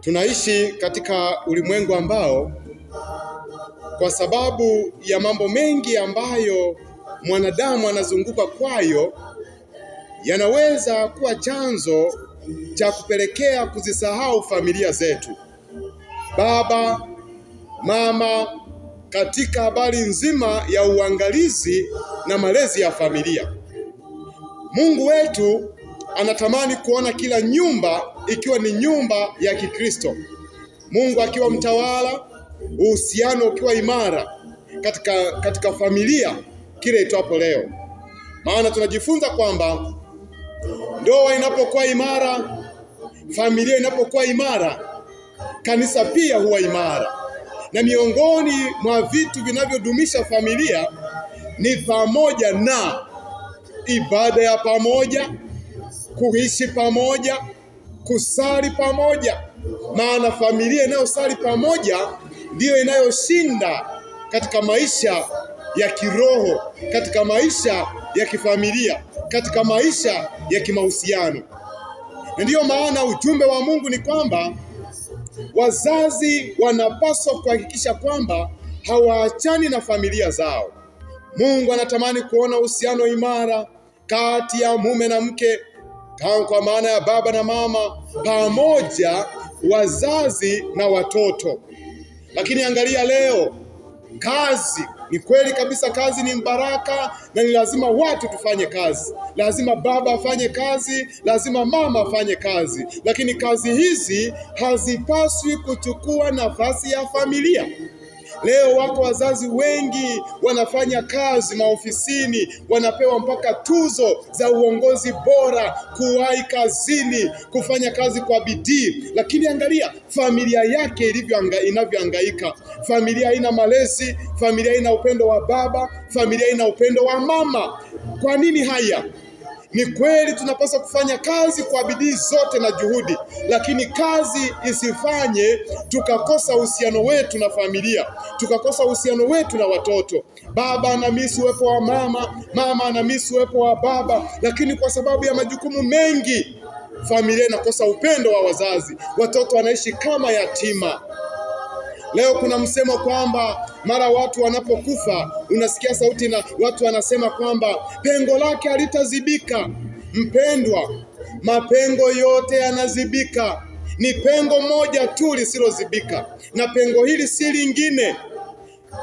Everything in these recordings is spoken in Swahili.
Tunaishi katika ulimwengu ambao kwa sababu ya mambo mengi ambayo mwanadamu anazunguka kwayo yanaweza kuwa chanzo cha kupelekea kuzisahau familia zetu, baba mama, katika habari nzima ya uangalizi na malezi ya familia. Mungu wetu anatamani kuona kila nyumba ikiwa ni nyumba ya Kikristo, Mungu akiwa mtawala, uhusiano ukiwa imara katika, katika familia kile itwapo leo. Maana tunajifunza kwamba ndoa inapokuwa imara, familia inapokuwa imara, kanisa pia huwa imara, na miongoni mwa vitu vinavyodumisha familia ni pamoja na ibada ya pamoja kuishi pamoja, kusali pamoja, maana familia inayosali pamoja ndiyo inayoshinda katika maisha ya kiroho, katika maisha ya kifamilia, katika maisha ya kimahusiano. Na ndiyo maana ujumbe wa Mungu ni kwamba wazazi wanapaswa kuhakikisha kwamba hawaachani na familia zao. Mungu anatamani kuona uhusiano imara kati ya mume na mke, kama kwa maana ya baba na mama pamoja, wazazi na watoto. Lakini angalia leo, kazi ni kweli kabisa, kazi ni mbaraka na ni lazima watu tufanye kazi. Lazima baba afanye kazi, lazima mama afanye kazi, lakini kazi hizi hazipaswi kuchukua nafasi ya familia. Leo wako wazazi wengi wanafanya kazi maofisini, wanapewa mpaka tuzo za uongozi bora, kuwahi kazini, kufanya kazi kwa bidii, lakini angalia familia yake inavyohangaika. Familia haina malezi, familia haina upendo wa baba, familia haina upendo wa mama. Kwa nini haya? Ni kweli tunapaswa kufanya kazi kwa bidii zote na juhudi, lakini kazi isifanye tukakosa uhusiano wetu na familia, tukakosa uhusiano wetu na watoto. Baba anamisi uwepo wa mama, mama anamisi uwepo wa baba, lakini kwa sababu ya majukumu mengi, familia inakosa upendo wa wazazi, watoto wanaishi kama yatima. Leo kuna msemo kwamba mara watu wanapokufa, unasikia sauti na watu wanasema kwamba pengo lake halitazibika. Mpendwa, mapengo yote yanazibika, ni pengo moja tu lisilozibika, na pengo hili si lingine.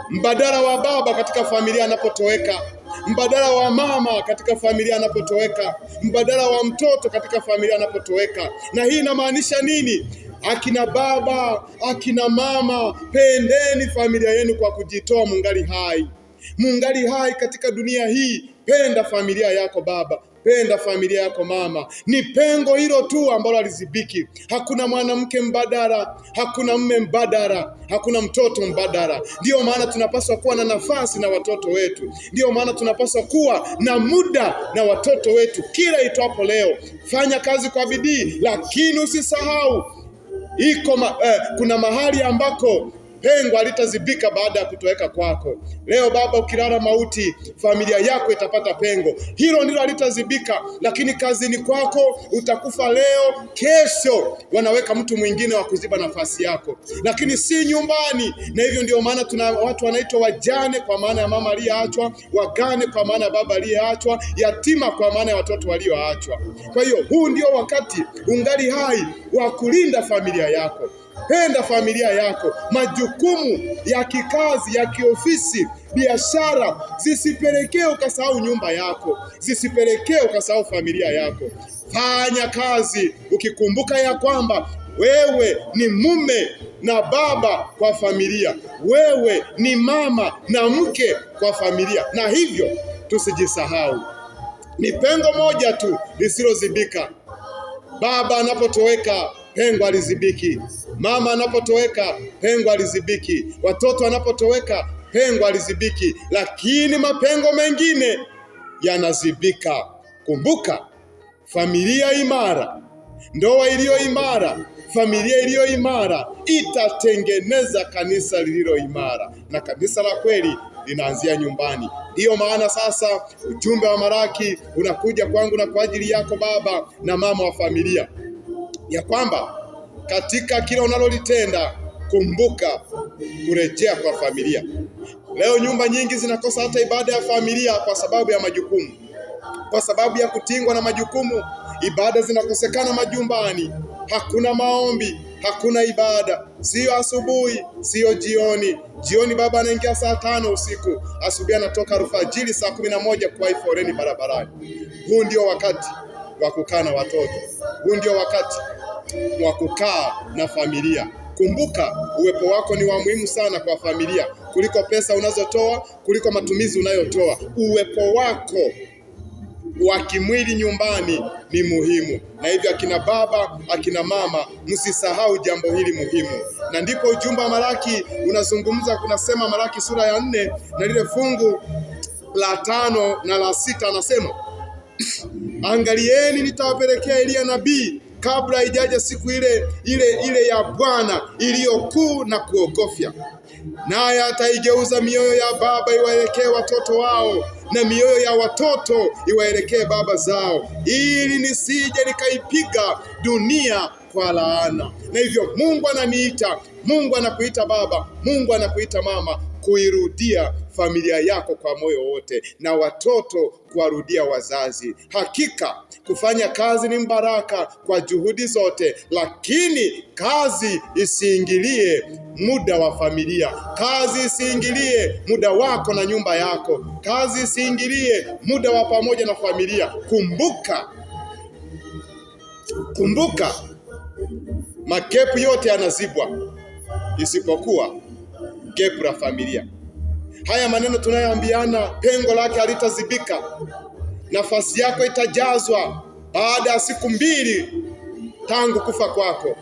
Mbadala wa baba katika familia anapotoweka mbadala wa mama katika familia anapotoweka, mbadala wa mtoto katika familia anapotoweka. Na hii inamaanisha nini? Akina baba, akina mama, pendeni familia yenu kwa kujitoa mungali hai, mungali hai katika dunia hii. Penda familia yako baba, penda familia yako mama. Ni pengo hilo tu ambalo alizibiki. Hakuna mwanamke mbadala, hakuna mme mbadala, hakuna mtoto mbadala. Ndiyo maana tunapaswa kuwa na nafasi na watoto wetu, ndiyo maana tunapaswa kuwa na muda na watoto wetu kila itwapo leo. Fanya kazi kwa bidii, lakini usisahau iko ma, eh, kuna mahali ambako pengo halitazibika baada ya kutoweka kwako. Leo Baba, ukilala mauti, familia yako itapata pengo, hilo ndilo halitazibika. Lakini kazini kwako utakufa leo, kesho wanaweka mtu mwingine wa kuziba nafasi yako, lakini si nyumbani. Na hivyo ndio maana tuna watu wanaitwa wajane kwa maana ya mama aliyeachwa, wagane kwa maana ya baba aliyeachwa, yatima kwa maana ya watoto walioachwa. Kwa hiyo huu ndio wakati ungali hai wa kulinda familia yako. Penda familia yako. Majukumu ya kikazi, ya kiofisi, biashara zisipelekee ukasahau nyumba yako, zisipelekee ukasahau familia yako. Fanya kazi ukikumbuka ya kwamba wewe ni mume na baba kwa familia, wewe ni mama na mke kwa familia, na hivyo tusijisahau. Ni pengo moja tu lisilozibika, baba anapotoweka pengo alizibiki. Mama anapotoweka pengo alizibiki, watoto wanapotoweka pengo alizibiki, lakini mapengo mengine yanazibika. Kumbuka, familia imara, ndoa iliyo imara, familia iliyo imara itatengeneza kanisa lililo imara, na kanisa la kweli linaanzia nyumbani. Ndiyo maana sasa ujumbe wa Maraki unakuja kwangu na kwa ajili yako baba na mama wa familia ya kwamba katika kila unalolitenda kumbuka kurejea kwa familia. Leo nyumba nyingi zinakosa hata ibada ya familia kwa sababu ya majukumu, kwa sababu ya kutingwa na majukumu. Ibada zinakosekana majumbani, hakuna maombi, hakuna ibada, siyo asubuhi, siyo jioni. Jioni baba anaingia saa tano usiku, asubuhi anatoka alfajiri saa kumi na moja kuwahi foreni barabarani. Huu ndio wakati wa kukaa na watoto, huu ndio wakati wa kukaa na familia. Kumbuka, uwepo wako ni wa muhimu sana kwa familia kuliko pesa unazotoa, kuliko matumizi unayotoa. Uwepo wako wa kimwili nyumbani ni muhimu, na hivyo akina baba, akina mama, msisahau jambo hili muhimu. Na ndipo ujumbe wa Malaki unazungumza, kunasema Malaki sura ya nne na lile fungu la tano na la sita, anasema angalieni, nitawapelekea Eliya nabii kabla ijaja siku ile ile ile ya Bwana iliyokuu na kuogofya, naye ataigeuza mioyo ya baba iwaelekee watoto wao na mioyo ya watoto iwaelekee baba zao, ili nisije nikaipiga dunia kwa laana. Na hivyo Mungu ananiita Mungu anakuita baba, Mungu anakuita mama kuirudia familia yako kwa moyo wote, na watoto kuwarudia wazazi. Hakika kufanya kazi ni mbaraka kwa juhudi zote, lakini kazi isiingilie muda wa familia, kazi isiingilie muda wako na nyumba yako, kazi isiingilie muda wa pamoja na familia. Kumbuka, kumbuka, makepu yote yanazibwa isipokuwa gepu la familia. Haya maneno tunayoambiana, pengo lake halitazibika, nafasi yako itajazwa baada ya siku mbili tangu kufa kwako,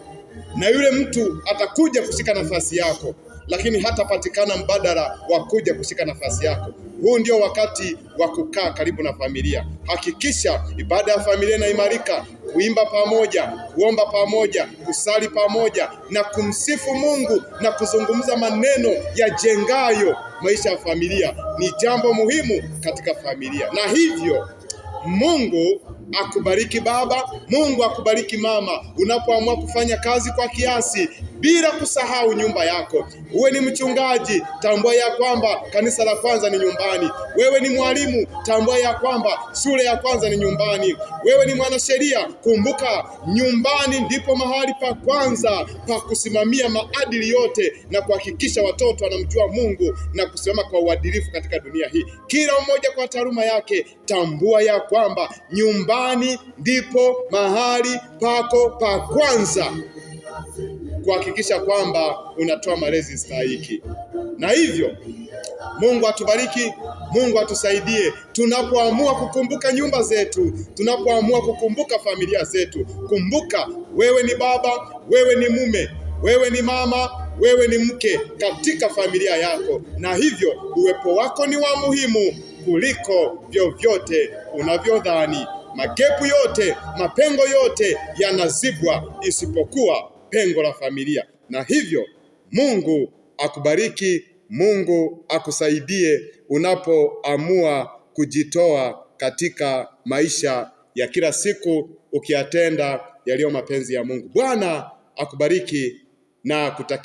na yule mtu atakuja kushika nafasi yako, lakini hatapatikana mbadala wa kuja kushika nafasi yako. Huu ndio wakati wa kukaa karibu na familia. Hakikisha ibada ya familia inaimarika kuimba pamoja, kuomba pamoja, kusali pamoja na kumsifu Mungu na kuzungumza maneno yajengayo maisha ya familia ni jambo muhimu katika familia. Na hivyo Mungu akubariki baba, Mungu akubariki mama, unapoamua kufanya kazi kwa kiasi bila kusahau nyumba yako. Uwe ni mchungaji, tambua ya kwamba kanisa la kwanza ni nyumbani. Wewe ni mwalimu, tambua ya kwamba shule ya kwanza ni nyumbani. Wewe ni mwanasheria, kumbuka nyumbani ndipo mahali pa kwanza pa kusimamia maadili yote na kuhakikisha watoto wanamjua Mungu na kusimama kwa uadilifu katika dunia hii. Kila mmoja kwa taaluma yake, tambua ya kwamba nyumbani ndipo mahali pako pa kwanza kuhakikisha kwamba unatoa malezi stahiki. Na hivyo Mungu atubariki, Mungu atusaidie tunapoamua kukumbuka nyumba zetu, tunapoamua kukumbuka familia zetu. Kumbuka wewe ni baba, wewe ni mume, wewe ni mama wewe ni mke katika familia yako, na hivyo uwepo wako ni wa muhimu kuliko vyovyote unavyodhani. Magepu yote, mapengo yote yanazibwa isipokuwa pengo la familia. Na hivyo Mungu akubariki, Mungu akusaidie unapoamua kujitoa katika maisha ya kila siku, ukiyatenda yaliyo mapenzi ya Mungu. Bwana akubariki na kutakia